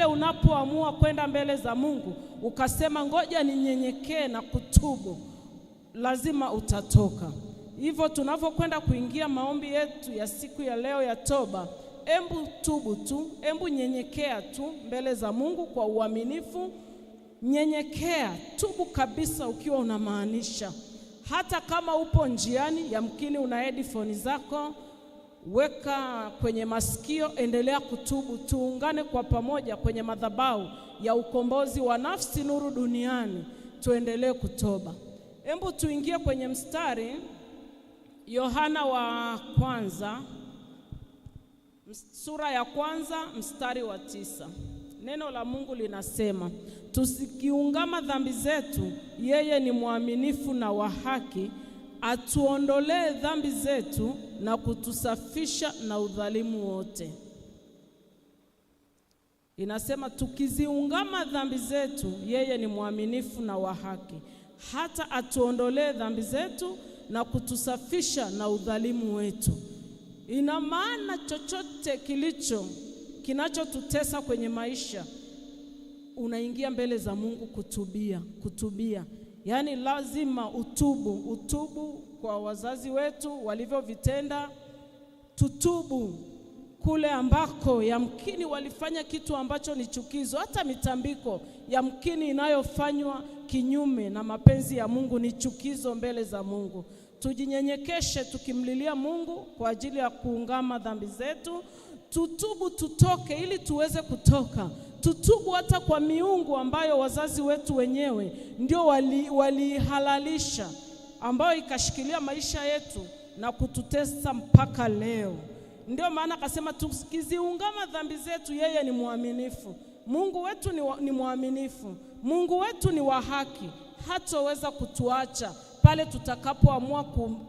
pale unapoamua kwenda mbele za Mungu ukasema ngoja ninyenyekee na kutubu, lazima utatoka. Hivyo tunavyokwenda kuingia maombi yetu ya siku ya leo ya toba, embu tubu tu, embu nyenyekea tu mbele za Mungu kwa uaminifu. Nyenyekea, tubu kabisa, ukiwa unamaanisha. Hata kama upo njiani, yamkini una headphone zako weka kwenye masikio, endelea kutubu. Tuungane kwa pamoja kwenye madhabahu ya ukombozi wa nafsi, nuru duniani, tuendelee kutoba. Hebu tuingie kwenye mstari Yohana wa kwanza sura ya kwanza mstari wa tisa. Neno la Mungu linasema tusikiungama dhambi zetu, yeye ni mwaminifu na wa haki atuondolee dhambi zetu na kutusafisha na udhalimu wote. Inasema tukiziungama dhambi zetu, yeye ni mwaminifu na wa haki, hata atuondolee dhambi zetu na kutusafisha na udhalimu wetu. Ina maana chochote kilicho kinachotutesa kwenye maisha, unaingia mbele za Mungu kutubia, kutubia Yaani lazima utubu, utubu kwa wazazi wetu walivyovitenda, tutubu kule ambako yamkini walifanya kitu ambacho ni chukizo. Hata mitambiko yamkini inayofanywa kinyume na mapenzi ya Mungu ni chukizo mbele za Mungu. Tujinyenyekeshe tukimlilia Mungu kwa ajili ya kuungama dhambi zetu, tutubu, tutoke ili tuweze kutoka tutubu hata kwa miungu ambayo wazazi wetu wenyewe ndio waliihalalisha, wali ambayo ikashikilia maisha yetu na kututesa mpaka leo. Ndio maana akasema tukiziungama dhambi zetu, yeye ni mwaminifu. Mungu wetu ni, wa, ni mwaminifu. Mungu wetu ni wa haki, hatoweza kutuacha pale tutakapoamua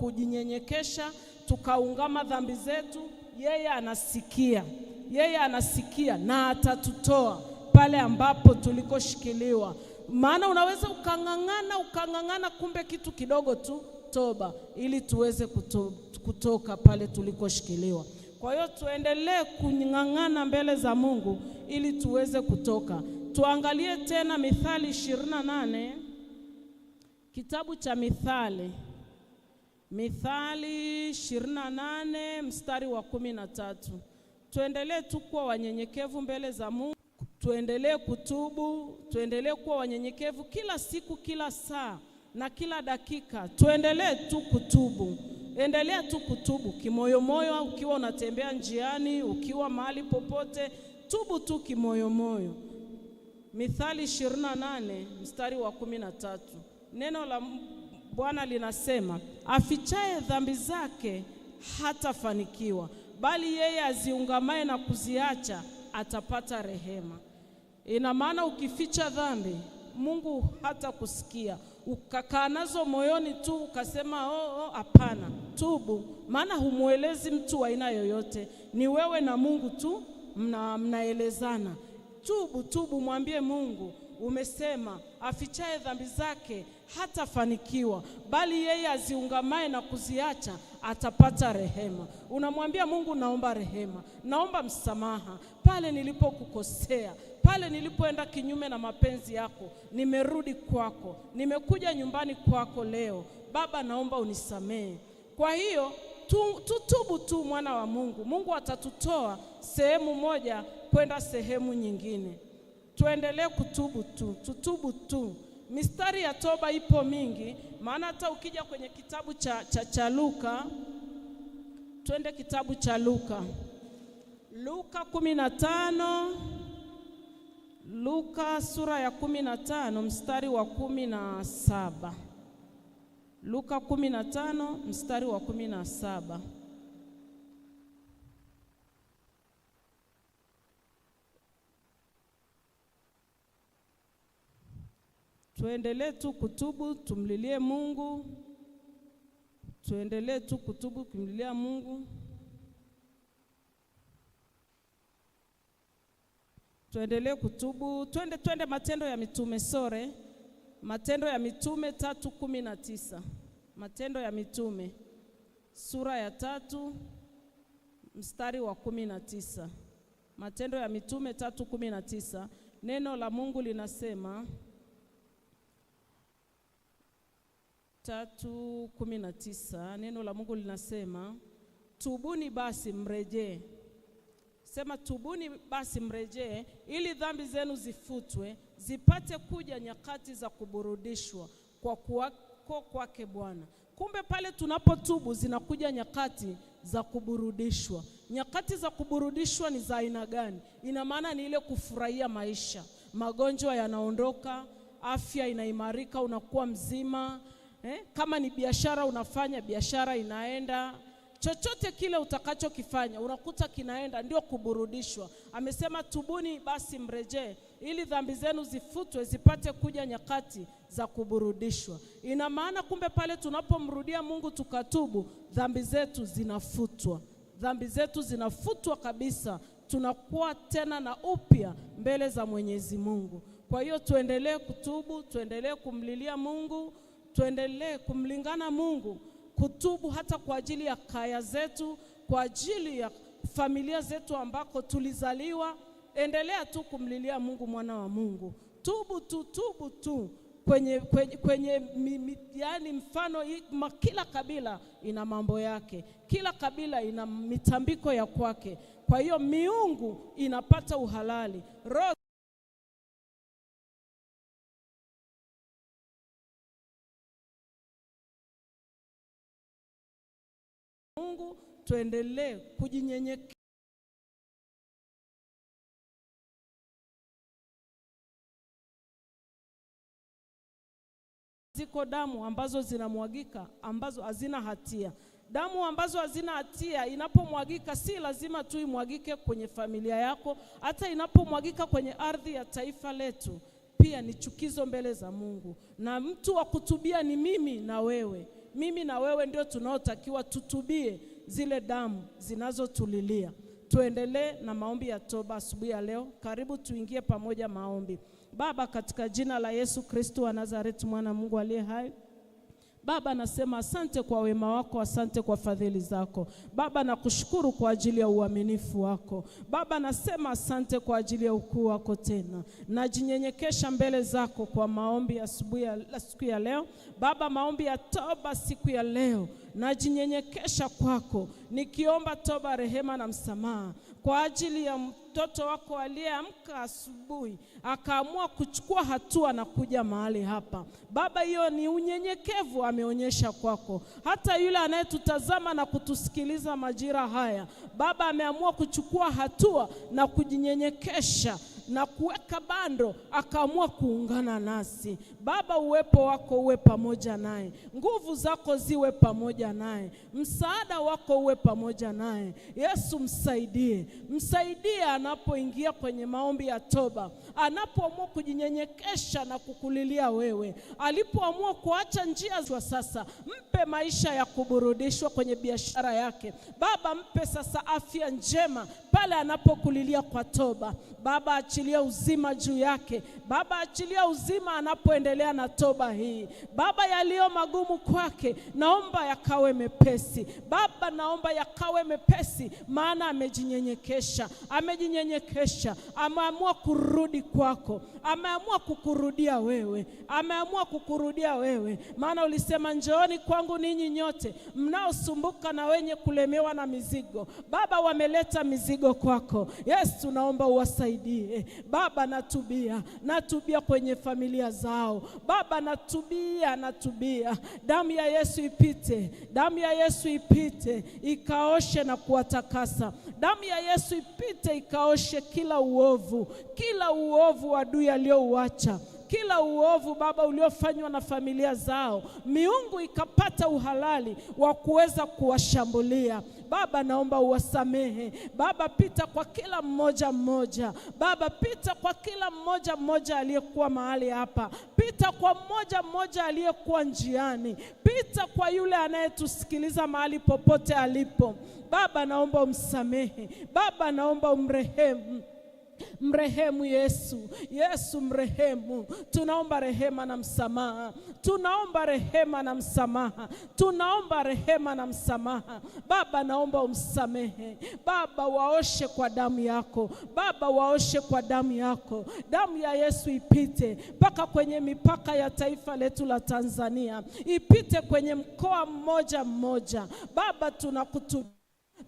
kujinyenyekesha tukaungama dhambi zetu, yeye anasikia yeye anasikia na atatutoa pale ambapo tulikoshikiliwa. Maana unaweza ukang'ang'ana ukang'ang'ana, kumbe kitu kidogo tu, toba, ili tuweze kuto, kutoka pale tulikoshikiliwa. Kwa hiyo tuendelee kung'ang'ana mbele za Mungu ili tuweze kutoka. Tuangalie tena Mithali 28 na nane kitabu cha Mithali, Mithali 28 nane mstari wa kumi na tatu tuendelee tu kuwa wanyenyekevu mbele za Mungu, tuendelee kutubu, tuendelee kuwa wanyenyekevu kila siku, kila saa na kila dakika. Tuendelee tu kutubu, endelea tu kutubu kimoyomoyo, ukiwa unatembea njiani, ukiwa mahali popote, tubu tu kimoyomoyo. Mithali 28 mstari wa kumi na tatu neno la Bwana linasema afichaye dhambi zake hatafanikiwa bali yeye aziungamaye na kuziacha atapata rehema. Ina maana ukificha dhambi Mungu hata kusikia, ukakaa nazo moyoni tu ukasema oh, oh, hapana, tubu. Maana humwelezi mtu wa aina yoyote, ni wewe na Mungu tu mna, mnaelezana tubu, tubu, mwambie Mungu umesema afichaye dhambi zake hatafanikiwa, bali yeye aziungamaye na kuziacha atapata rehema. Unamwambia Mungu, naomba rehema, naomba msamaha pale nilipokukosea, pale nilipoenda kinyume na mapenzi yako, nimerudi kwako, nimekuja nyumbani kwako leo. Baba, naomba unisamehe. Kwa hiyo tu, tutubu tu, mwana wa Mungu. Mungu atatutoa sehemu moja kwenda sehemu nyingine. Tuendelee kutubu tu, tutubu tu. Mistari ya toba ipo mingi, maana hata ukija kwenye kitabu cha, cha, cha Luka, twende kitabu cha Luka, Luka kumi na tano Luka sura ya kumi na tano mstari wa kumi na saba Luka kumi na tano mstari wa kumi na saba Tuendelee tu kutubu, tumlilie Mungu, tuendelee tu kutubu, kumlilia Mungu, tuendelee kutubu, twende twende Matendo ya Mitume sore, Matendo ya Mitume tatu kumi na tisa Matendo ya Mitume sura ya tatu mstari wa kumi na tisa Matendo ya Mitume tatu kumi na tisa neno la Mungu linasema tatu kumi na tisa neno la Mungu linasema tubuni basi mrejee. Sema tubuni basi mrejee, ili dhambi zenu zifutwe, zipate kuja nyakati za kuburudishwa kwa kuwako kwake Bwana. Kumbe pale tunapotubu zinakuja nyakati za kuburudishwa. Nyakati za kuburudishwa ni za aina gani? Ina maana ni ile kufurahia maisha, magonjwa yanaondoka, afya inaimarika, unakuwa mzima eh? Kama ni biashara unafanya biashara inaenda, chochote kile utakachokifanya unakuta kinaenda, ndio kuburudishwa. Amesema tubuni basi mrejee, ili dhambi zenu zifutwe, zipate kuja nyakati za kuburudishwa. Ina maana kumbe pale tunapomrudia Mungu tukatubu, dhambi zetu zinafutwa, dhambi zetu zinafutwa kabisa, tunakuwa tena na upya mbele za Mwenyezi Mungu. Kwa hiyo tuendelee kutubu, tuendelee kumlilia Mungu tuendelee kumlingana Mungu, kutubu hata kwa ajili ya kaya zetu, kwa ajili ya familia zetu ambako tulizaliwa. Endelea tu kumlilia Mungu, mwana wa Mungu, tubu tu, tubu tu kwenye, kwenye, kwenye mi, mi, yani mfano ma, kila kabila ina mambo yake, kila kabila ina mitambiko ya kwake. Kwa hiyo miungu inapata uhalali roho Mungu, tuendelee kujinyenyekea. Ziko damu ambazo zinamwagika ambazo hazina hatia. Damu ambazo hazina hatia inapomwagika, si lazima tu imwagike kwenye familia yako, hata inapomwagika kwenye ardhi ya taifa letu pia ni chukizo mbele za Mungu, na mtu wa kutubia ni mimi na wewe mimi na wewe ndio tunaotakiwa tutubie zile damu zinazotulilia. Tuendelee na maombi ya toba asubuhi ya leo. Karibu tuingie pamoja maombi. Baba, katika jina la Yesu Kristo wa Nazareti, mwana Mungu aliye hai Baba, nasema asante kwa wema wako, asante kwa fadhili zako. Baba, nakushukuru kwa ajili ya uaminifu wako. Baba, nasema asante kwa ajili ya ukuu wako. Tena najinyenyekesha mbele zako kwa maombi ya asubuhi ya siku ya leo. Baba, maombi ya toba siku ya leo najinyenyekesha kwako nikiomba toba, rehema na msamaha kwa ajili ya mtoto wako aliyeamka asubuhi akaamua kuchukua hatua na kuja mahali hapa. Baba, hiyo ni unyenyekevu ameonyesha kwako. Hata yule anayetutazama na kutusikiliza majira haya, Baba, ameamua kuchukua hatua na kujinyenyekesha na kuweka bando, akaamua kuungana nasi. Baba, uwepo wako uwe pamoja naye, nguvu zako ziwe pamoja naye, msaada wako uwe pamoja naye. Yesu, msaidie, msaidie anapoingia kwenye maombi ya toba, anapoamua kujinyenyekesha na kukulilia wewe, alipoamua kuacha njia za sasa. Mpe maisha ya kuburudishwa kwenye biashara yake Baba, mpe sasa afya njema pale anapokulilia kwa toba Baba achilia uzima juu yake. Baba, achilia uzima anapoendelea na toba hii. Baba, yaliyo magumu kwake, naomba yakawe mepesi. Baba, naomba yakawe mepesi, maana amejinyenyekesha, amejinyenyekesha, ameamua kurudi kwako, ameamua kukurudia wewe, ameamua kukurudia wewe, maana ulisema njooni kwangu ninyi nyote mnaosumbuka na wenye kulemewa na mizigo. Baba, wameleta mizigo kwako. Yesu, naomba uwasaidie, Baba, natubia, natubia kwenye familia zao Baba, natubia, natubia. Damu ya Yesu ipite, damu ya Yesu ipite ikaoshe na kuwatakasa. Damu ya Yesu ipite ikaoshe kila uovu, kila uovu adui aliyouacha kila uovu Baba uliofanywa na familia zao, miungu ikapata uhalali wa kuweza kuwashambulia. Baba, naomba uwasamehe Baba, pita kwa kila mmoja mmoja Baba, pita kwa kila mmoja mmoja aliyekuwa mahali hapa, pita kwa mmoja mmoja aliyekuwa njiani, pita kwa yule anayetusikiliza mahali popote alipo Baba, naomba umsamehe Baba, naomba umrehemu. Mrehemu Yesu, Yesu mrehemu. Tunaomba rehema na msamaha, tunaomba rehema na msamaha, tunaomba rehema na msamaha. Baba, naomba umsamehe Baba, waoshe kwa damu yako Baba, waoshe kwa damu yako. Damu ya Yesu ipite mpaka kwenye mipaka ya taifa letu la Tanzania, ipite kwenye mkoa mmoja mmoja. Baba, tunakutubia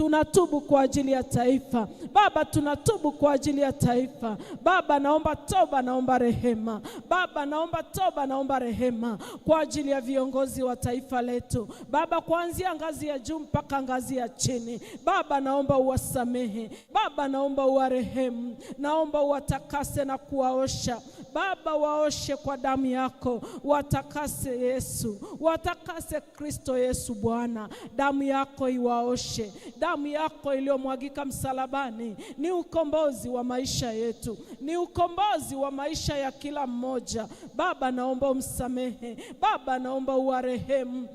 tunatubu kwa ajili ya taifa Baba, tunatubu kwa ajili ya taifa Baba, naomba toba, naomba rehema Baba, naomba toba, naomba rehema kwa ajili ya viongozi wa taifa letu Baba, kuanzia ngazi ya juu mpaka ngazi ya chini Baba, naomba uwasamehe Baba, naomba uwarehemu, naomba uwatakase na kuwaosha Baba, waoshe kwa damu yako, watakase Yesu, watakase Kristo Yesu. Bwana, damu yako iwaoshe, damu yako iliyomwagika msalabani ni ukombozi wa maisha yetu, ni ukombozi wa maisha ya kila mmoja. Baba, naomba umsamehe Baba, naomba uwarehemu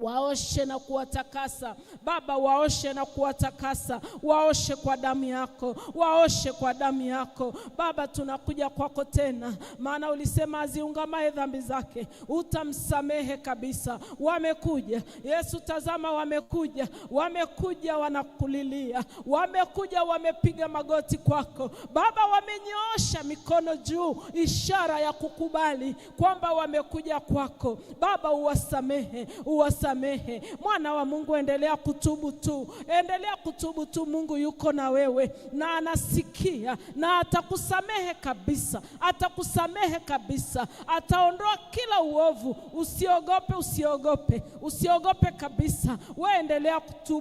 waoshe na kuwatakasa Baba, waoshe na kuwatakasa, waoshe kwa damu yako, waoshe kwa damu yako Baba. Tunakuja kwako tena, maana ulisema aziungamaye dhambi zake utamsamehe kabisa. Wamekuja Yesu, tazama, wamekuja, wamekuja wanakulilia, wamekuja wamepiga magoti kwako Baba, wamenyoosha mikono juu, ishara ya kukubali kwamba wamekuja kwako Baba. Uwasamehe, uwasamehe kusamehe. Mwana wa Mungu, endelea kutubu tu, endelea kutubu tu. Mungu yuko na wewe na anasikia na atakusamehe kabisa, atakusamehe kabisa, ataondoa kila uovu. Usiogope, usiogope, usiogope kabisa. We endelea kutubu.